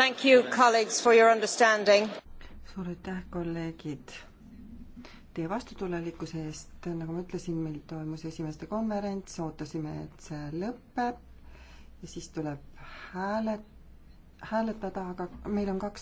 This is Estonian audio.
Thank you, colleagues, for your understanding. suur aitäh, kolleegid, teie vastutulelikkuse eest. nagu ma ütlesin, meil toimus esimeste konverents, ootasime, et see lõpeb ja siis tuleb hääletada hääletada, aga meil on kaks